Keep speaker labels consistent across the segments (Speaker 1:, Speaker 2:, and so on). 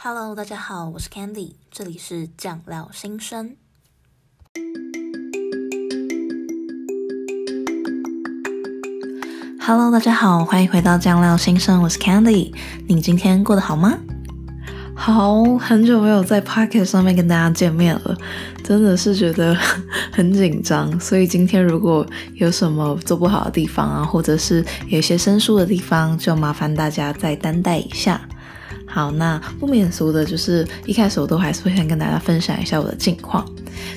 Speaker 1: Hello，大家好，我是 Candy，這裡是醬料心聲。Hello，大家好，歡迎回到醬料心聲，我是 Candy，你今天過得好嗎？好，很久沒有在 Podcast 上面跟大家見面了，真的是覺得很緊張，所以今天如果有什麼做不好的地方啊，或者是有些生疏的地方，就麻煩大家再擔待一下。好，那不免俗的就是一開始我都還是會想跟大家分享一下我的近況。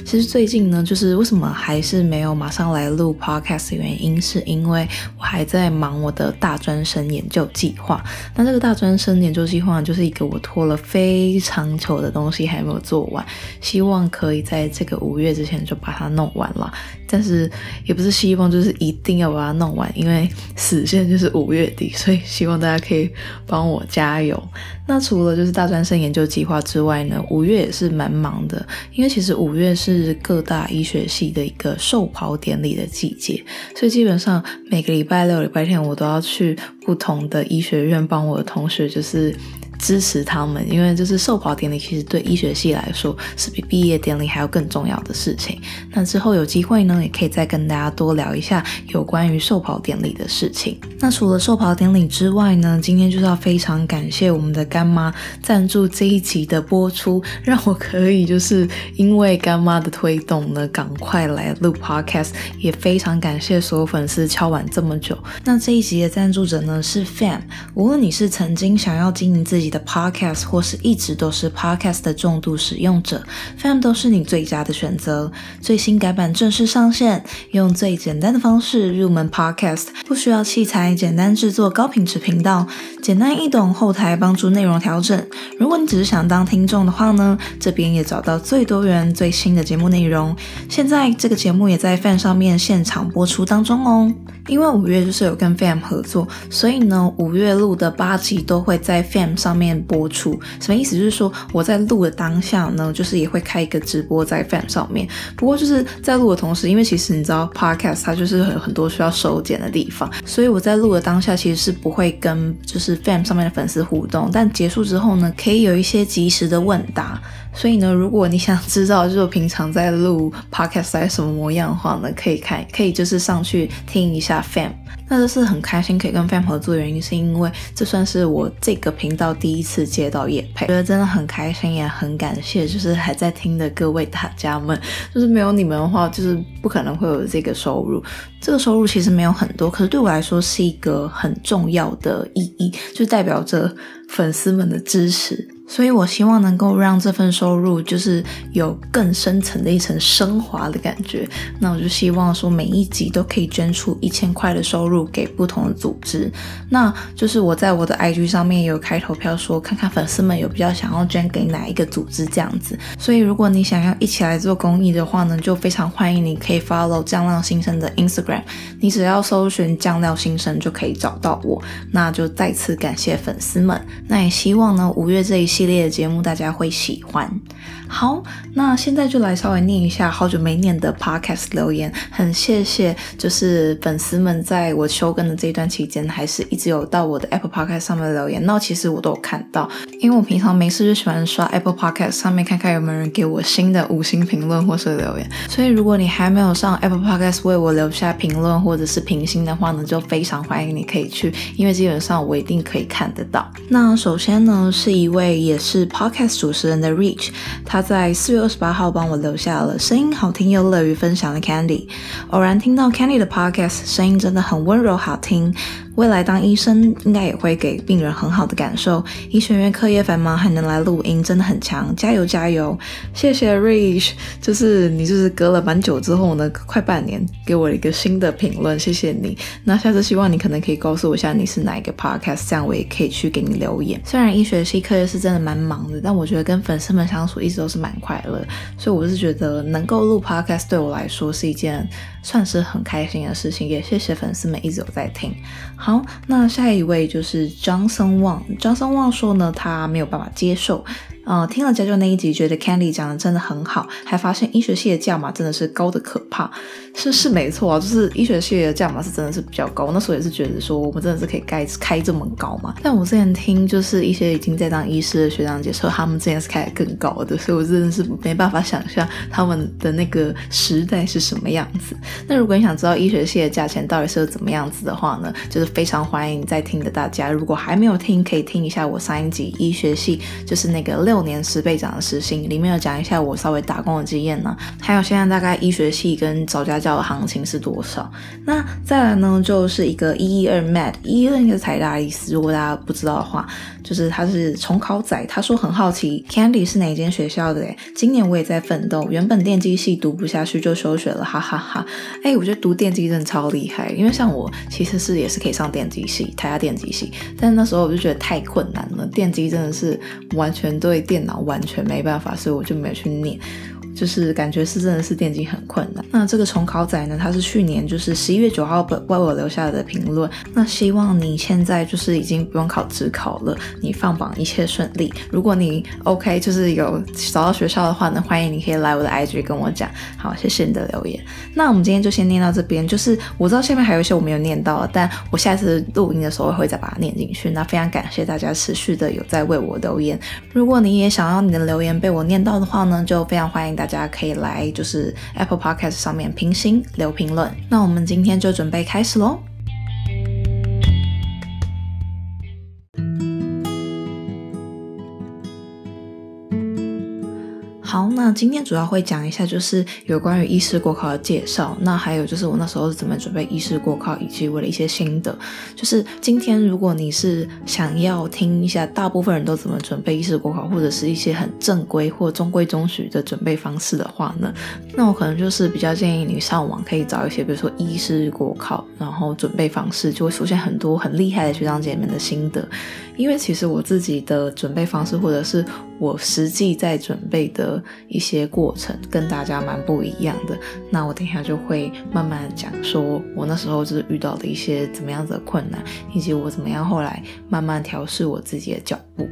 Speaker 1: 其實最近呢，就是為什麼還是沒有馬上來錄 podcast 的原因，是因為我還在忙我的大專生研究計劃。那這個大專生研究計劃就是一個我拖了非常久的東西，還沒有做完。希望可以在這個五月之前就把它弄完了。但是也不是希望，就是一定要把它弄完，因為死線就是五月底，所以希望大家可以幫我加油。那除了就是大專生研究計劃之外呢，五月也是蠻忙的，因為其實五月。是各大醫學系的一個授袍典禮的季節，所以基本上每個禮拜六、禮拜天我都要去不同的醫學院幫我的同學，就是。支持他們，因為就是授袍典禮，其實對醫學系來說是比畢業典禮還要更重要的事情。那之後有機會呢，也可以再跟大家多聊一下有關於授袍典禮的事情。那除了授袍典禮之外呢，今天就是要非常感謝我們的乾媽贊助這一集的播出，讓我可以就是因為乾媽的推動呢，趕快來錄 podcast。也非常感謝所有粉絲敲碗這麼久。那這一集的贊助者呢是 FAM，無論你是曾經想要經營自己。的 Podcast 或是一直都是 Podcast 的重度使用者，FAM 都是你最佳的選擇。最新改版正式上線，用最簡單的方式入門 Podcast，不需要器材，簡單制作高品質頻道，簡單易懂，後台幫助內容調整。如果你只是想當聽眾的話呢，這邊也找到最多元最新的節目內容。現在這個節目也在 FAM 上面現場播出當中哦。因為五月就是有跟 FAM 合作，所以呢，五月錄的八集都會在 FAM 上面播出。什麼意思？就是說我在錄的當下呢，就是也會開一個直播在 FAM 上面。不過就是在錄的同時，因為其實你知道 Podcast 它就是有很多需要收剪的地方，所以我在錄的當下其實是不會跟就是 FAM 上面的粉絲互動，但結束之後呢，可以有一些即時的問答。所以呢，如果你想知道就是平常在錄 podcast 什麼模樣的話呢，可以看，可以就是上去聽一下 FAM。那就是很開心可以跟 FAM 合作的原因，是因為這算是我這個頻道第一次接到業配，我覺得真的很開心，也很感謝，就是還在聽的各位大家們，就是沒有你們的話，就是不可能會有這個收入。這個收入其實沒有很多，可是對我來說是一個很重要的意義，就代表着粉絲們的支持。所以，我希望能夠讓這份收入就是有更深層的一層升華的感覺。那我就希望說，每一集都可以捐出一千塊的收入給不同的組織。那就是我在我的 IG 上面有開投票，說看看粉絲們有比較想要捐給哪一個組織這樣子。所以，如果你想要一起來做公益的話呢，就非常歡迎你可以 follow 醬料心聲的 Instagram。你只要搜尋醬料心聲就可以找到我。那就再次感謝粉絲們。那也希望呢，五月這一期。系列的節目大家會喜歡。好，那現在就來稍微念一下好久沒念的 podcast 留言。很謝謝，就是粉絲們在我休更的這一段期間，還是一直有到我的 Apple Podcast 上面留言。那其實我都有看到，因為我平常沒事就喜歡刷 Apple Podcast 上面看看有沒有人給我新的五星評論或是留言。所以如果你還沒有上 Apple Podcast 為我留下評論或者是評星的話呢，就非常歡迎你可以去，因為基本上我一定可以看得到。那首先呢，是一位也。也是 Podcast 主持人的 Rich，他在四月二十八號幫我留下了聲音好聽又樂於分享的 Candy。偶然聽到 Candy 的 Podcast，聲音真的很溫柔好聽。未來當醫生應該也會給病人很好的感受。醫學院課業繁忙還能來錄音，真的很強，加油加油！謝謝 Rich，就是你，就是隔了蠻久之後呢，快半年，給我一個新的評論，謝謝你。那下次希望你可能可以告訴我一下你是哪一個 Podcast，這樣我也可以去給你留言。雖然醫學系課業是真的蠻忙的，但我覺得跟粉絲們相處一直都是蠻快樂，所以我是覺得能夠錄 Podcast 對我來說是一件算是很開心的事情。也謝謝粉絲們一直有在聽。好。好，那下一位就是張森旺。張森旺說呢，他沒有辦法接受。呃，聽了家教，教那一集，覺得 Candy 講的真的很好，還發現醫學系的價碼真的是高的可怕。是是沒錯啊，就是醫學系的價碼是真的是比較高。我那時候也是覺得說，我們真的是可以開開這麼高嘛？但我之前聽就是一些已經在當醫師的學長姐說，他們之前是開得更高的，所以我真的是沒辦法想象他們的那個時代是什麼樣子。那如果你想知道醫學系的價錢到底是怎麼樣子的話呢，就是非常歡迎在聽的大家，如果還沒有聽，可以聽一下我上一集醫學系就是那個六年十倍漲的時薪，裡面有講一下我稍微打工的經驗呢、啊，還有現在大概醫學系跟早家叫的行情是多少？那再來呢，就是一個一一二 MAD，一一二應該是台大的意思。如果大家不知道的話，就是他是重考仔。他說很好奇，Candy 是哪間學校的？哎，今年我也在奮鬥。原本電機系讀不下去就休學了，哈哈哈，哈。哎、欸，我覺得讀電機真的超厲害，因為像我其實是也是可以上電機系，台大電機系，但是那時候我就覺得太困難了，電機真的是完全對電腦完全沒辦法，所以我就沒有去念。就是感覺是真的是電競很困難。那這個重考仔呢，他是去年就是十一月九號為我留下的評論。那希望你現在就是已經不用考指考了，你放榜一切順利。如果你 OK 就是有找到學校的話呢，歡迎你可以來我的 IG 跟我講。好，謝謝你的留言。那我們今天就先念到這邊。就是我知道下面還有一些我沒有念到，但我下次錄音的時候會再把它念進去。那非常感謝大家持續的有在為我留言。如果你也想要你的留言被我念到的話呢，就非常歡迎大。大家可以來就是 Apple Podcast 上面評星留評論，那我們今天就準備開始嘍。今天主要會講一下，就是有關於醫師國考的介紹。那還有就是我那時候是怎麼準備醫師國考，以及我的一些心得。就是今天如果你是想要聽一下大部分人都怎麼準備醫師國考，或者是一些很正規或中規中矩的準備方式的話呢，那我可能就是比較建議你上網可以找一些，比如說醫師國考，然後準備方式就會出現很多很厲害的學長姐們的心得。因為其實我自己的準備方式，或者是我實際在準備的一些過程，跟大家蠻不一樣的。那我等一下就會慢慢講，說我那時候就是遇到的一些怎麼樣子的困難，以及我怎麼樣後來慢慢調試我自己的腳步。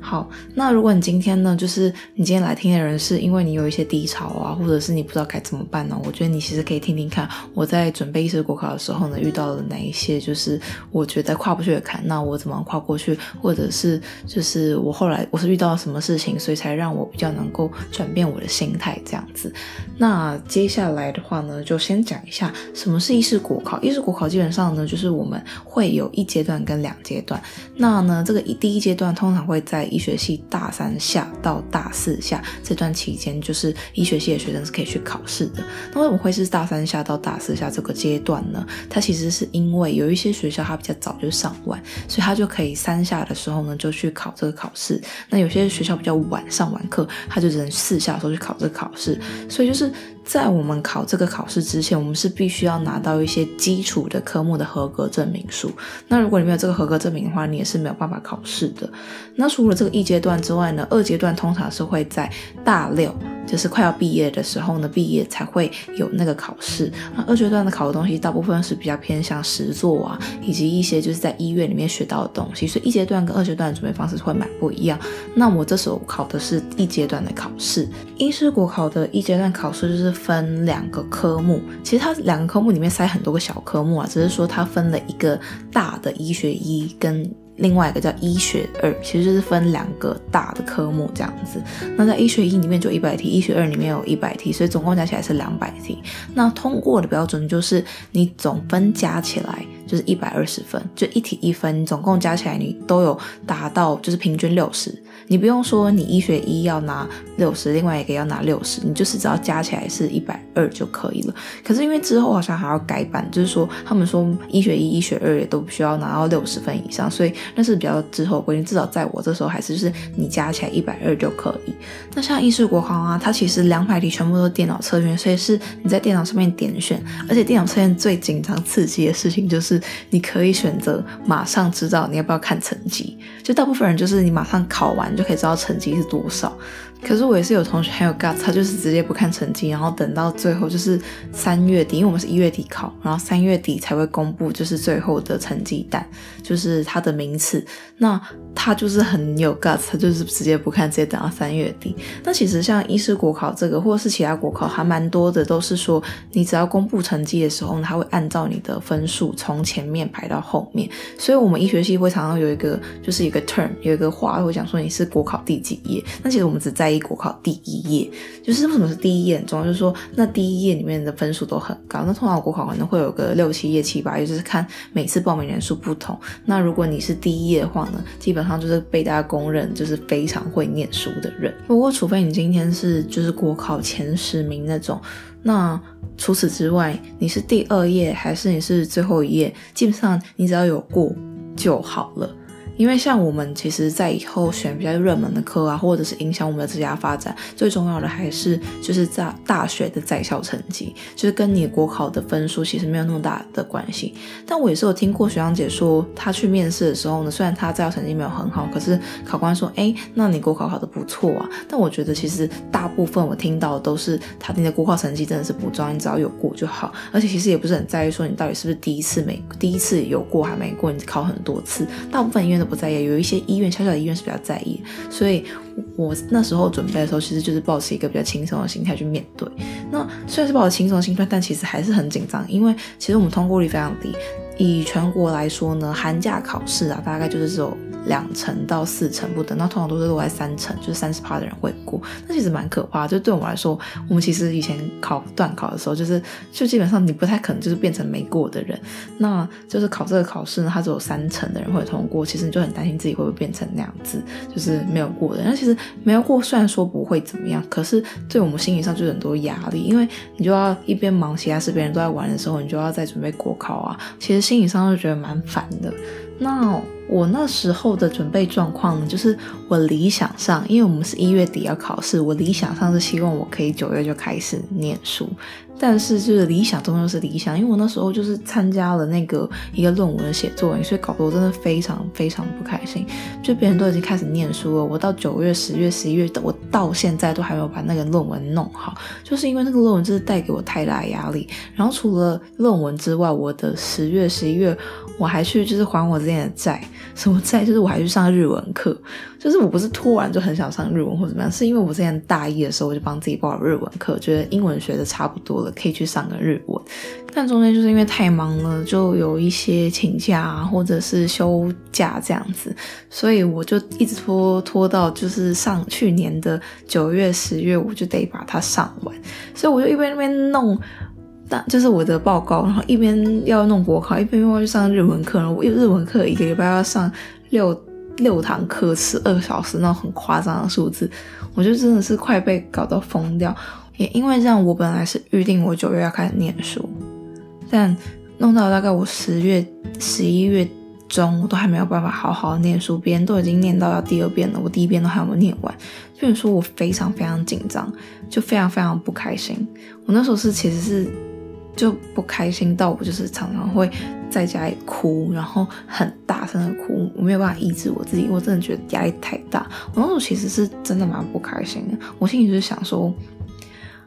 Speaker 1: 好，那如果你今天呢，就是你今天來聽的人是，因為你有一些低潮啊，或者是你不知道該怎麼辦呢？我覺得你其實可以聽聽看，我在準備醫師國考的時候呢，遇到了哪一些就是我覺得跨不去的坎，那我怎麼跨過去，或者是就是我後來我是遇到了什麼事情，所以才讓我比較能夠轉變我的心態這樣子。那接下來的話呢，就先講一下什麼是醫師國考。醫師國考基本上呢，就是我們會有一階段跟兩階段。那呢，這個一第一階段通常會在醫學系大三下到大四下這段期間，就是醫學系的學生是可以去考試的。那為什麼會是大三下到大四下這個階段呢？它其實是因為有一些學校它比較早就上完，所以它就可以三下的時候呢就去考這個考試。那有些學校比較晚，上完課，它就只能四下的時候去考這個考試。所以就是。在我們考這個考試之前，我們是必須要拿到一些基礎的科目的合格證明書。那如果你沒有這個合格證明的話，你也是沒有辦法考試的。那除了這個一階段之外呢，二階段通常是會在大六，就是快要畢業的時候呢，畢業才會有那個考試。那二階段的考的東西大部分是比較偏向實作啊，以及一些就是在醫院裡面學到的東西。所以一階段跟二階段的準備方式會蠻不一樣。那我這時候考的是一階段的考試，醫師國考的一階段考試就是。分兩個科目，其實它兩個科目裡面塞很多個小科目啊，只、就是說它分了一個大的醫學一跟另外一個叫醫學二，其實就是分兩個大的科目這樣子。那在醫學一裡面就有一百題，醫學二裡面有一百題，所以總共加起來是兩百題。那通過的標準就是你總分加起來就是一百二十分，就一題一分，總共加起來你都有達到就是平均六十。你不用說，你醫學一要拿六十，另外一個要拿六十，你就是只要加起來是一百二就可以了。可是因為之後好像還要改版，就是說他們說醫學一、醫學二也都不需要拿到六十分以上，所以那是比較之後規定。至少在我這時候還是就是你加起來一百二就可以。那像醫師國考啊，它其實兩百題全部都是電腦測驗，所以是你在電腦上面點選。而且電腦測驗最緊張刺激的事情就是你可以選擇馬上知道你要不要看成績。就大部分人就是你馬上考完，就可以知道成績是多少。可是我也是有同學，還有 GUTS，他就是直接不看成績，然後等到最後就是三月底，因為我們是一月底考，然後三月底才會公布就是最後的成績單，就是他的名次。那他就是很有 guts，他就是直接不看，直接等到三月底。那其實像醫師國考這個，或者是其他國考，還蠻多的，都是說你只要公布成績的時候呢，他會按照你的分數從前面排到後面。所以，我們醫學系會常常有一個，就是一個 term，有一個話會講說你是國考第幾頁。那其實我們只在意國考第一頁，就是為什麼是第一頁？很重要就是說，那第一頁裡面的分數都很高。那通常國考可能會有個六七頁、七八頁，就是看每次報名人數不同。那如果你是第一頁的話呢，基本然後就是被大家公認就是非常會念書的人。不過，除非你今天是就是國考前十名那種，那除此之外，你是第二頁還是你是最後一頁，基本上你只要有過就好了。因為像我們其實，在以後選比較熱門的科啊，或者是影響我們的職業發展，最重要的還是就是在大學的在校成績，就是跟你的國考的分數其實沒有那麼大的關係。但我也是有聽過學長姐說，她去面試的時候呢，雖然她在校成績沒有很好，可是考官說，哎，那你國考考的不錯啊。但我覺得其實大部分我聽到的都是，他聽的國考成績真的是不重要，你只要有過就好。而且其實也不是很在意說你到底是不是第一次沒，第一次有過還沒過，你考很多次，大部分因為都。不在意啊，有一些醫院，小小的醫院是比較在意的，所以我那時候準備的時候，其實就是保持一個比較輕鬆的心態去面對。那雖然是保持輕鬆的心態，但其實還是很緊張，因為其實我們通過率非常低。以全國來說呢，寒假考試啊，大概就是這種。兩成到四成不等，那通常都是落在三成，就是三十趴的人會過。那其實蠻可怕的，就對我們來說，我們其實以前考段考的時候，就是就基本上你不太可能就是變成沒過的人。那就是考這個考試呢，它只有三成的人會通過，其實你就很擔心自己會不會變成那樣子，就是沒有過的。那其實沒有過，雖然說不會怎麼樣，可是對我們心理上就有很多壓力，因為你就要一邊忙其他事，別人都在玩的時候，你就要在準備國考啊。其實心理上就覺得蠻煩的。那我那時候的準備狀況呢，就是我理想上，因為我們是一月底要考試，我理想上是希望我可以九月就開始念書。但是就是理想終究是理想，因為我那時候就是參加了那個一個論文寫作業，所以搞得我真的非常非常不開心。就別人都已經開始念書了，我到九月、十月、十一月，我到現在都還沒有把那個論文弄好，就是因為那個論文就是帶給我太大壓力。然後除了論文之外，我的十月、十一月我還去就是還我之前的債，什麼債？就是我還去上日文課。就是我不是突然就很想上日文或怎麼樣，是因為我之前大一的時候我就幫自己報了日文課，覺得英文學的差不多了，可以去上個日文。但中間就是因為太忙了，就有一些請假啊，或者是休假這樣子，所以我就一直拖，拖到就是上去年的九月十月，10月我就得把它上完。所以我就一邊那邊弄，但就是我的報告，然後一邊要弄國考，一邊要去上日文課，然後我又日文課一個禮拜要上六。六堂課，十二小時，那種很誇張的數字，我就真的是快被搞到瘋掉。也因為這樣，我本來是預定我九月要開始念書，但弄到大概我十月、十一月中，我都還沒有辦法好好念書，別人都已經念到要第二遍了，我第一遍都還沒有念完。所以說我非常非常緊張，就非常非常不開心。我那時候是其實是就不開心到我就是常常會。在家裡哭，然後很大聲的哭，我沒有辦法抑制我自己，我真的覺得壓力太大。我當時其實是真的蠻不開心的。我心裡就想說，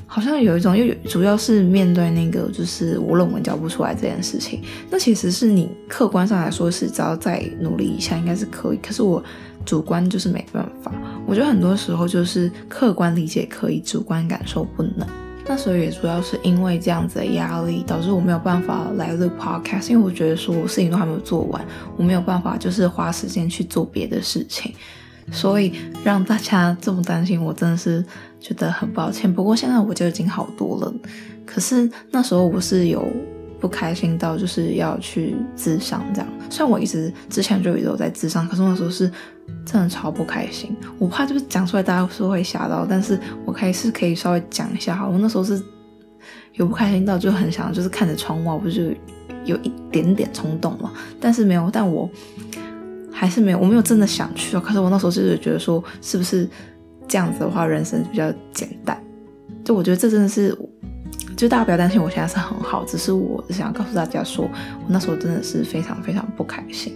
Speaker 1: 好像有一種，又有主要是面對那個，就是我論文交不出來這件事情，那其實是你客觀上來說是只要再努力一下應該是可以，可是我主觀就是沒辦法。我覺得很多時候就是客觀理解可以，主觀感受不能。那時候也主要是因為這樣子的壓力，導致我沒有辦法來錄 podcast，因為我覺得說我事情都還沒有做完，我沒有辦法就是花時間去做別的事情，所以讓大家這麼擔心，我真的是覺得很抱歉。不過現在我就已經好多了，可是那時候我是有。不開心到就是要去自傷這樣，雖然我一直之前就一直有在自傷，可是那時候是真的超不開心。我怕就是講出來大家是會嚇到，但是我還是可以稍微講一下哈。我那時候是有不開心到就很想就是看着窗外，我不是就有一點點衝動嘛。但是沒有，但我還是沒有，我沒有真的想去啊。可是我那時候就是覺得說，是不是這樣子的話，人生比較簡單？就我覺得這真的是。就大家不要擔心，我現在是很好，只是我想告訴大家說，我那時候真的是非常非常不開心。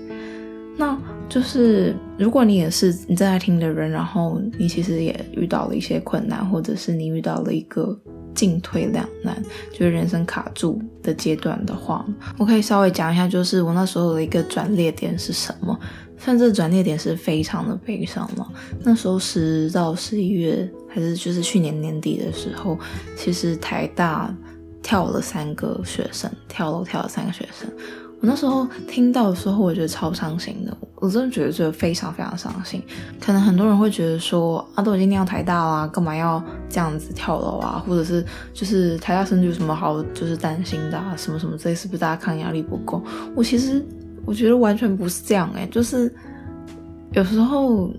Speaker 1: 那就是如果你也是你正在聽的人，然後你其實也遇到了一些困難，或者是你遇到了一個進退兩難，就是人生卡住的階段的話，我可以稍微講一下，就是我那時候的一個轉捩點是什麼。甚至轉捩點是非常的悲傷了，那時候十到十一月。還是就是去年年底的時候，其實台大跳了三個學生，跳樓跳了三個學生。我那時候聽到的時候，我覺得超傷心的，我真的覺得這非常非常傷心。可能很多人會覺得說，啊，都已經唸台大啦、啊，幹嘛要這樣子跳樓啊？或者是就是台大身體有什麼好就是擔心的啊？什麼什麼這是不是大家抗壓力不夠？我其實我覺得完全不是這樣哎、欸，就是有時候。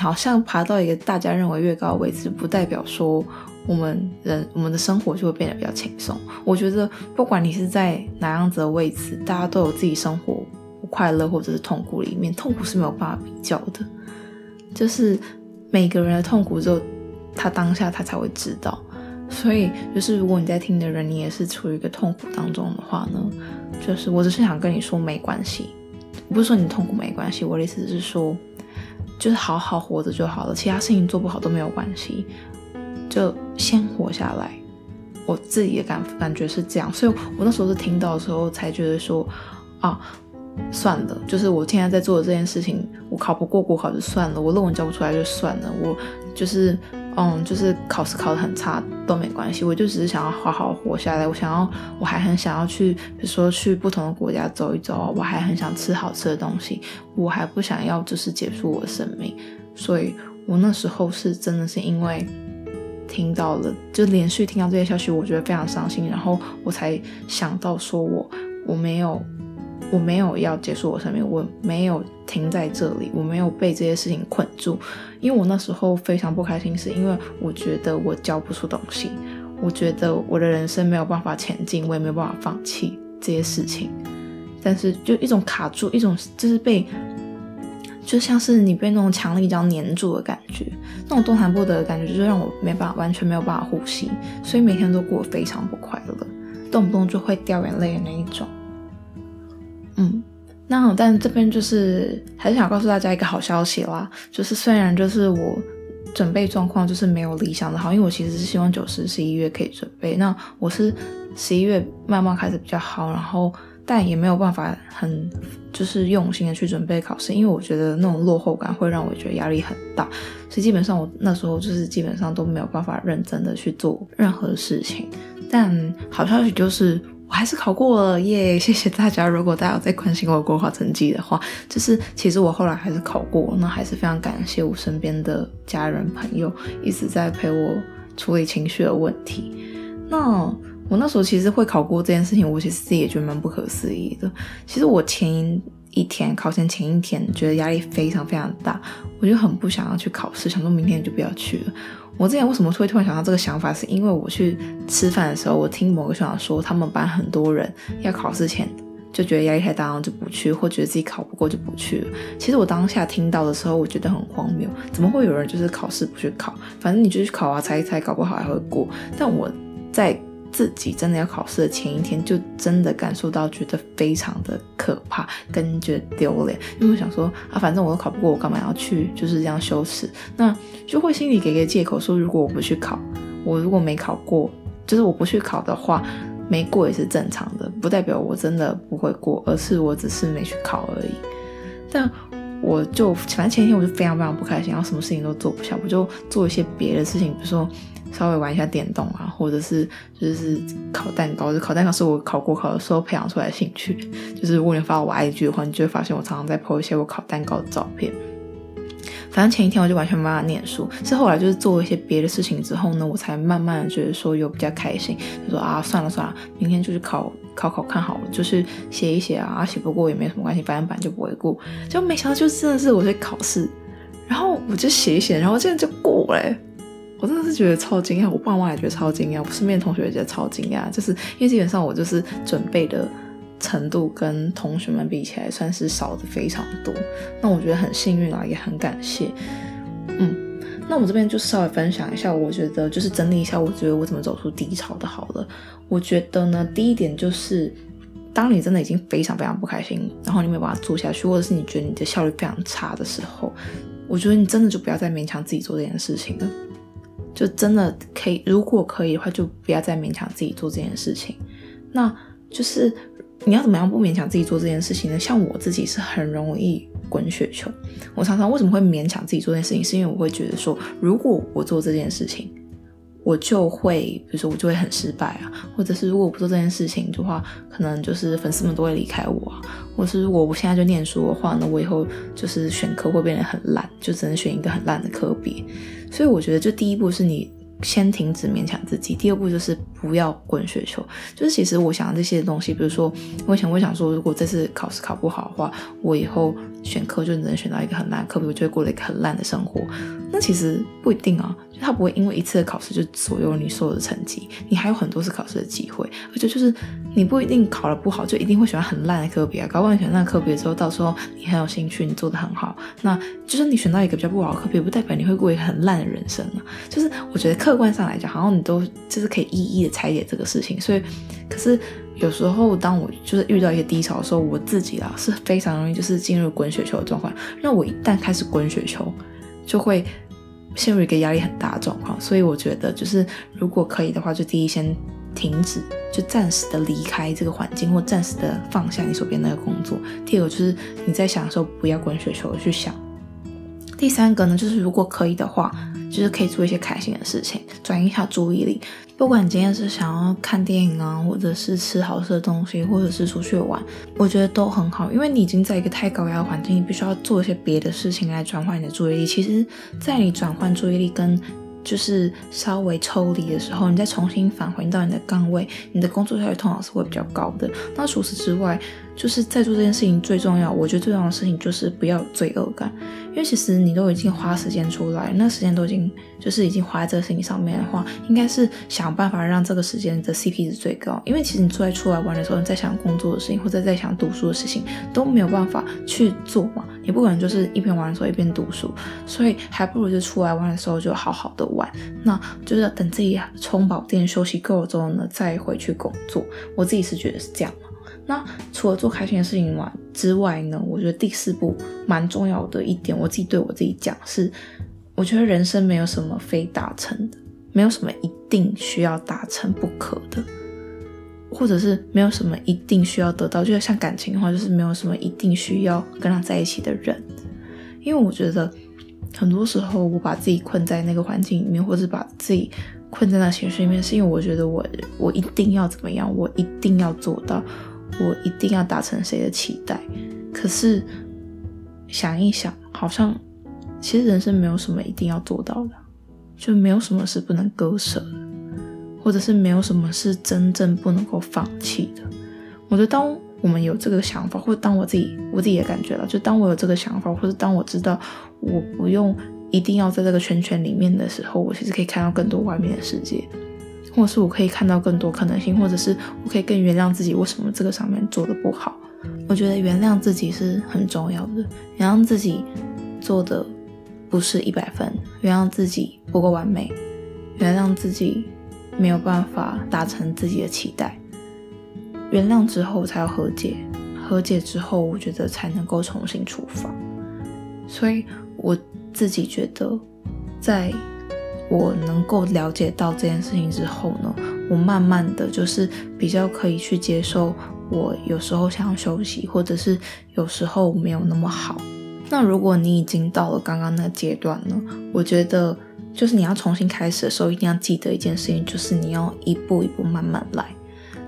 Speaker 1: 好像爬到一個大家認為越高的位置，不代表說我們人、我們的生活就會變得比較輕鬆。我覺得不管你是在哪樣子的位置，大家都有自己生活不快樂或者是痛苦的一面，痛苦是沒有辦法比較的，就是每個人的痛苦只有他當下他才會知道。所以就是如果你在聽的人，你也是處於一個痛苦當中的話呢，就是我只是想跟你說沒關係，不是說你痛苦沒關係，我的意思是說。就是好好活着就好了，其他事情做不好都沒有關係，就先活下來。我自己的感感覺是這樣，所以我，我那時候是聽到的時候才覺得說，啊，算了，就是我現在在做的這件事情，我考不過國考就算了，我論文交不出來就算了，我就是。嗯，就是考試考得很差都沒關係，我就只是想要好好活下來。我想要，我還很想要去，比如說去不同的國家走一走啊，我還很想吃好吃的東西，我還不想要就是結束我的生命。所以，我那時候是真的是因為聽到了，就連續聽到這些消息，我覺得非常傷心，然後我才想到說我我沒有。我沒有要結束我生命，我沒有停在這裡，我沒有被這些事情困住。因為我那時候非常不開心，是因為我覺得我交不出東西，我覺得我的人生沒有辦法前進，我也沒有辦法放棄這些事情。但是就一種卡住，一種就是被，就像是你被那種強力膠粘住的感覺，那種動彈不得的感覺，就是讓我沒辦法完全沒有辦法呼吸，所以每天都過得非常不快樂，動不動就會掉眼淚的那一種。那好，但這邊就是還是想告訴大家一個好消息啦，就是雖然就是我準備狀況就是沒有理想的好，因為我其實是希望九、十、十一月可以準備。那我是十一月慢慢開始比較好，然後但也沒有辦法很就是用心的去準備考試，因為我覺得那種落後感會讓我覺得壓力很大，所以基本上我那時候就是基本上都沒有辦法認真的去做任何事情。但好消息就是。我還是考過了耶！Yeah, 謝謝大家。如果大家有在關心我的國考成績的話，就是其實我後來還是考過，那還是非常感謝我身邊的家人朋友一直在陪我處理情緒的問題。那我那時候其實會考過這件事情，我其實自己也覺得蠻不可思議的。其實我前一天考前前一天，覺得壓力非常非常大，我就很不想要去考試，想說明天就不要去了。我之前為什麼會突然想到這個想法，是因為我去吃飯的時候，我聽某個學長說，他們班很多人要考試前就覺得壓力太大，就不去，或覺得自己考不過就不去了。其實我當下聽到的時候，我覺得很荒謬，怎麼會有人就是考試不去考？反正你就去考啊，才才搞不好還會過。但我在。自己真的要考試的前一天，就真的感受到覺得非常的可怕，跟覺得丟臉。因為我想說啊，反正我都考不過，我幹嘛要去？就是這樣羞恥，那就會心裡給一個借口說，如果我不去考，我如果沒考過，就是我不去考的話，沒過也是正常的，不代表我真的不會過，而是我只是沒去考而已。但我就反正前一天我就非常非常不開心，然後什麼事情都做不下，我就做一些別的事情，比如說。稍微玩一下電動啊，或者是就是烤蛋糕，就烤蛋糕是我考國考的時候培養出來的興趣。就是如果你發到我愛 g 的話，你就會發現我常常在 po 一些我烤蛋糕的照片。反正前一天我就完全沒辦法念書，是後來就是做一些別的事情之後呢，我才慢慢的就得說有比較開心，就說啊，算了算了，明天就是考考考看好了，就是寫一寫啊，寫、啊、不過也沒什麼關係，反正板就不會過。就果沒想到就真的是我在考試，然後我就寫一寫，然後這樣就過嘞。我真的是覺得超驚訝，我爸媽也覺得超驚訝，我身邊的同學也覺得超驚訝，就是因為基本上我就是準備的程度跟同學們比起來算是少的非常多。那我覺得很幸運啊，也很感謝。嗯，那我這邊就稍微分享一下，我覺得就是整理一下，我覺得我怎麼走出低潮的。好了，我覺得呢，第一點就是，當你真的已經非常非常不開心，然後你沒有辦法做下去，或者是你覺得你的效率非常差的時候，我覺得你真的就不要再勉強自己做這件事情了。就真的可以，如果可以的話，就不要再勉強自己做這件事情。那就是你要怎麼樣不勉強自己做這件事情呢？像我自己是很容易滾雪球。我常常為什麼會勉強自己做這件事情，是因為我會覺得說，如果我做這件事情，我就會，比如說我就會很失敗啊，或者是如果我不做這件事情的話，可能就是粉絲們都會離開我啊，或者是如果我現在就念書的話呢，我以後就是選科會變得很爛，就只能選一個很爛的科別。所以我覺得，就第一步是你先停止勉強自己；第二步就是不要滾雪球。就是其實我想這些東西，比如說，我以前我想說，如果這次考試考不好的話，我以後選科就能選到一個很爛科，我就會過了一個很爛的生活。其實不一定啊，就他不會因為一次的考試就左右你所有的成績，你還有很多次考試的機會，而且就是你不一定考得不好就一定會喜歡很爛的科別啊，搞不好你選爛科別之後，到時候你很有興趣，你做得很好，那就是你選到一個比較不好的科別，不代表你會過一個很爛的人生啊。就是我覺得客觀上來講，好像你都就是可以一一的拆解這個事情。所以，可是有時候當我就是遇到一些低潮的時候，我自己啊是非常容易就是進入滾雪球的狀況。那我一旦開始滾雪球，就會。陷入一個壓力很大的狀況，所以我覺得就是，如果可以的話，就第一先停止，就暫時的離開這個環境，或暫時的放下你手邊那個工作。第二個就是你在想的時候，不要滾雪球去想。第三個呢，就是如果可以的話，就是可以做一些開心的事情，轉移一下注意力。不管你今天是想要看電影啊，或者是吃好吃的東西，或者是出去玩，我覺得都很好。因為你已經在一個太高壓的環境，你必須要做一些別的事情來轉換你的注意力。其實，在你轉換注意力跟就是稍微抽離的時候，你再重新返回到你的崗位，你的工作效率通常是會比較高的。那除此之外，就是在做這件事情最重要，我覺得最重要的事情就是不要有罪惡感。因為其實你都已經花時間出來，那時間都已經就是已經花在這個事情上面的話，應該是想辦法讓這個時間的 CP 值最高。因為其實你坐在出來玩的時候，你在想工作的事情或者在想讀書的事情都沒有辦法去做嘛，也不可能就是一邊玩的時候一邊讀書，所以還不如就出來玩的時候就好好的玩。那就是要等自己充飽電、休息夠了之後呢，再回去工作。我自己是覺得是這樣。那除了做開心的事情外之外呢？我覺得第四步蠻重要的一點，我自己對我自己講是，我覺得人生沒有什麼非達成的，沒有什麼一定需要達成不可的，或者是沒有什麼一定需要得到。就像感情的話，就是沒有什麼一定需要跟他在一起的人。因為我覺得很多時候我把自己困在那個環境裡面，或者把自己困在那情緒裡面，是因為我覺得我我一定要怎麼樣，我一定要做到。我一定要達成誰的期待？可是想一想，好像其實人生沒有什麼一定要做到的，就沒有什麼是不能割舍的，或者是沒有什麼是真正不能夠放棄的。我覺得，當我們有這個想法，或者當我自己我自己也感覺到，就當我有這個想法，或者當我知道我不用一定要在這個圈圈裡面的時候，我其實可以看到更多外面的世界。或是我可以看到更多可能性，或者是我可以更原諒自己。為什麼這個上面做的不好？我覺得原諒自己是很重要的。原諒自己做的不是一百分，原諒自己不夠完美，原諒自己沒有辦法達成自己的期待。原諒之後才要和解，和解之後，我覺得才能夠重新出發。所以我自己覺得，在。我能夠了解到這件事情之後呢，我慢慢的就是比較可以去接受，我有時候想要休息，或者是有時候沒有那麼好。那如果你已經到了剛剛那個階段呢，我覺得就是你要重新開始的時候，一定要記得一件事情，就是你要一步一步慢慢來，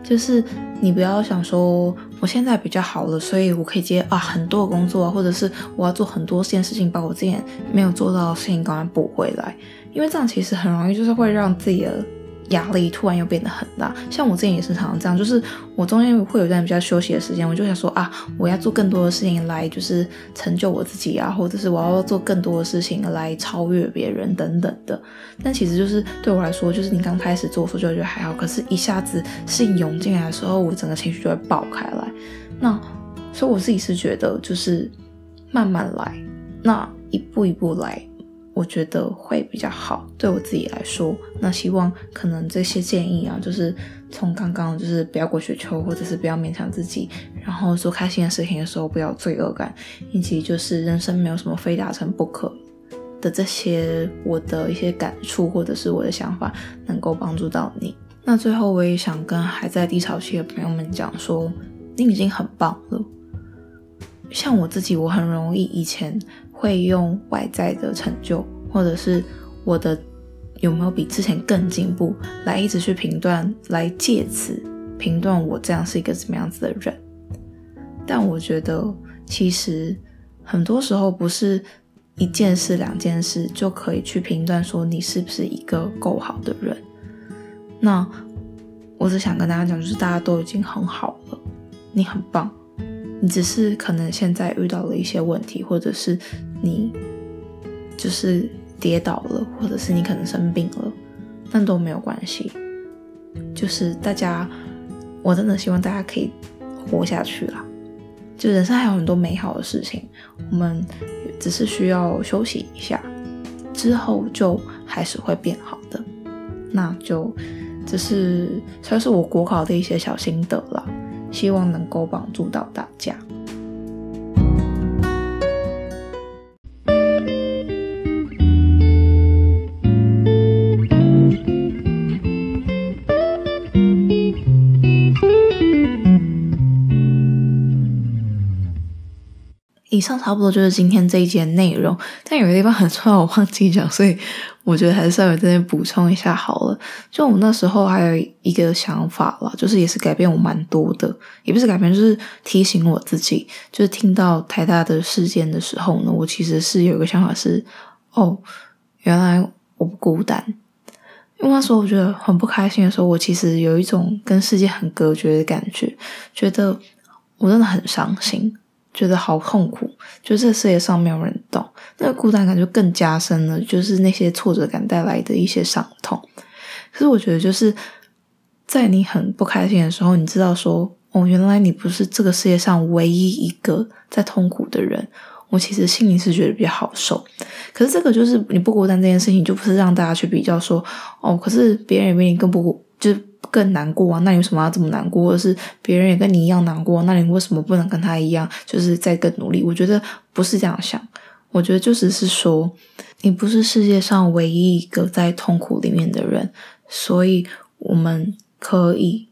Speaker 1: 就是你不要想說。我現在比較好了，所以我可以接啊很多工作啊，或者是我要做很多件事情，把我之前沒有做到的事情趕快補回來，因為這樣其實很容易就是會讓自己。壓力突然又變得很大，像我之前也是常常這樣，就是我中間會有一段比較休息的時間，我就想說啊，我要做更多的事情來就是成就我自己啊，或者是我要做更多的事情來超越別人等等的。但其實就是對我來說，就是你剛開始做，就覺得還好，可是一下子事情湧進來的時候，我整個情緒就會爆開來。那所以我自己是覺得就是慢慢來，那一步一步來。我覺得會比較好，對我自己來說。那希望可能這些建議啊，就是從剛剛就是不要過雪球，或者是不要勉強自己，然後做開心的事情的時候不要罪惡感，以及就是人生沒有什麼非達成不可的，這些我的一些感觸或者是我的想法能夠幫助到你。那最後我也想跟還在低潮期的朋友們講說，你已經很棒了。像我自己，我很容易以前。會用外在的成就，或者是我的有沒有比之前更進步，來一直去評斷，來借此評斷我這樣是一個怎麼樣子的人。但我覺得其實很多時候不是一件事、兩件事就可以去評斷說你是不是一個夠好的人。那我只想跟大家講，就是大家都已經很好了，你很棒，你只是可能現在遇到了一些問題，或者是。你就是跌倒了，或者是你可能生病了，那都沒有關係。就是大家，我真的希望大家可以活下去啦，就人生還有很多美好的事情，我們只是需要休息一下，之後就還是會變好的。那就，這是，算是我國考的一些小心得啦，希望能夠幫助到大家。以上差不多就是今天這一集的內容，但有個地方很重要，我忘記講，所以我覺得還是稍微再補充一下好了。就我們那時候還有一個想法吧，就是也是改變我蠻多的，也不是改變，就是提醒我自己。就是聽到台大的事件的時候呢，我其實是有一個想法是，哦，原來我不孤單。因為那時候我覺得很不開心的時候，我其實有一種跟世界很隔絕的感覺，覺得我真的很傷心。覺得好痛苦，就是在世界上沒有人懂，那個孤單感就更加深了。就是那些挫折感帶來的一些傷痛。可是我覺得，就是在你很不開心的時候，你知道說，哦，原來你不是這個世界上唯一一個在痛苦的人。我其實心裡是覺得比較好受。可是這個就是你不孤單這件事情，就不是讓大家去比較說，哦，可是別人也比你更不就是。更難過啊？那你為什麼要這麼難過？或者是別人也跟你一樣難過啊，那你為什麼不能跟他一樣，就是再更努力？我覺得不是這樣想，我覺得就是是說，你不是世界上唯一一個在痛苦裡面的人，所以我們可以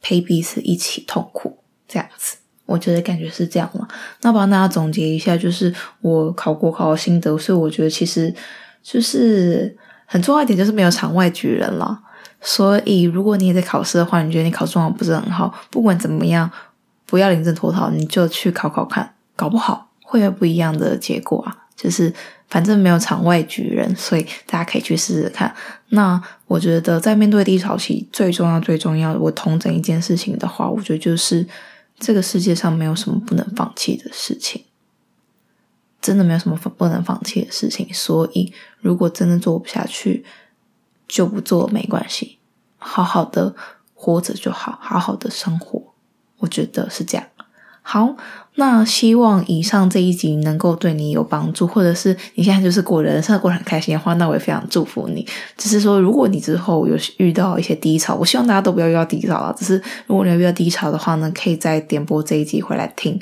Speaker 1: 陪彼此一起痛苦，這樣子，我覺得感覺是這樣嘛。那幫大家總結一下，就是我考國考的心得，所以我覺得其實就是很重要一點，就是沒有場外舉人了。所以，如果你也在考試的話，你覺得你考狀況不是很好，不管怎麼樣，不要臨陣脫逃，你就去考考看，搞不好會有不一樣的結果啊！就是反正沒有場外舉人，所以大家可以去試試看。那我覺得，在面對低潮期，最重要、最重要的，我統整一件事情的話，我覺得就是這個世界上沒有什麼不能放棄的事情，真的沒有什麼不能放棄的事情。所以，如果真的做不下去，就不做，沒關係，好好的活着就好，好好的生活，我覺得是這樣。好，那希望以上這一集能夠對你有幫助，或者是你現在就是過人生過得很開心的話，那我也非常祝福你。只是說，如果你之後有遇到一些低潮，我希望大家都不要遇到低潮啦。只是如果你遇到低潮的話呢，可以再點播這一集回來聽。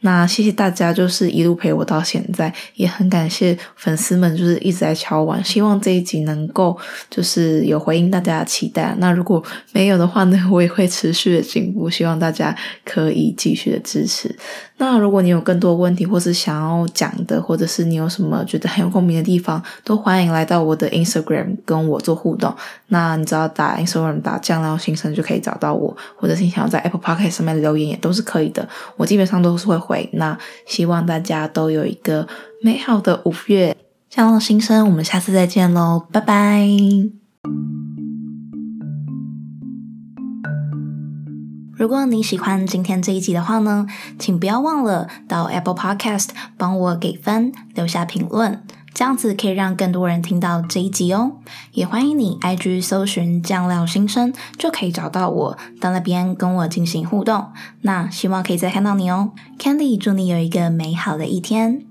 Speaker 1: 那謝謝大家，就是一路陪我到現在，也很感謝粉絲們，就是一直在敲碗。希望這一集能夠就是有回應大家的期待。那如果沒有的話呢，我也會持續的進步，希望大家可以繼續的支持。那如果你有更多問題，或是想要講的，或者是你有什麼覺得很有共鳴的地方，都歡迎來到我的 Instagram 跟我做互動。那你只要打 Instagram、打醬料心聲就可以找到我，或者是你想要在 Apple Podcast 上面留言也都是可以的，我基本上都是會回。那希望大家都有一個美好的五月，醬料心聲，我們下次再見嘍，拜拜！如果你喜歡今天這一集的話呢，請不要忘了到 Apple Podcast 幫我給分，留下評論。這樣子可以讓更多人聽到這一集哦，也歡迎你 IG 搜尋醬料心聲就可以找到我，到那邊跟我進行互動。那希望可以再看到你哦，Candy，祝你有一個美好的一天。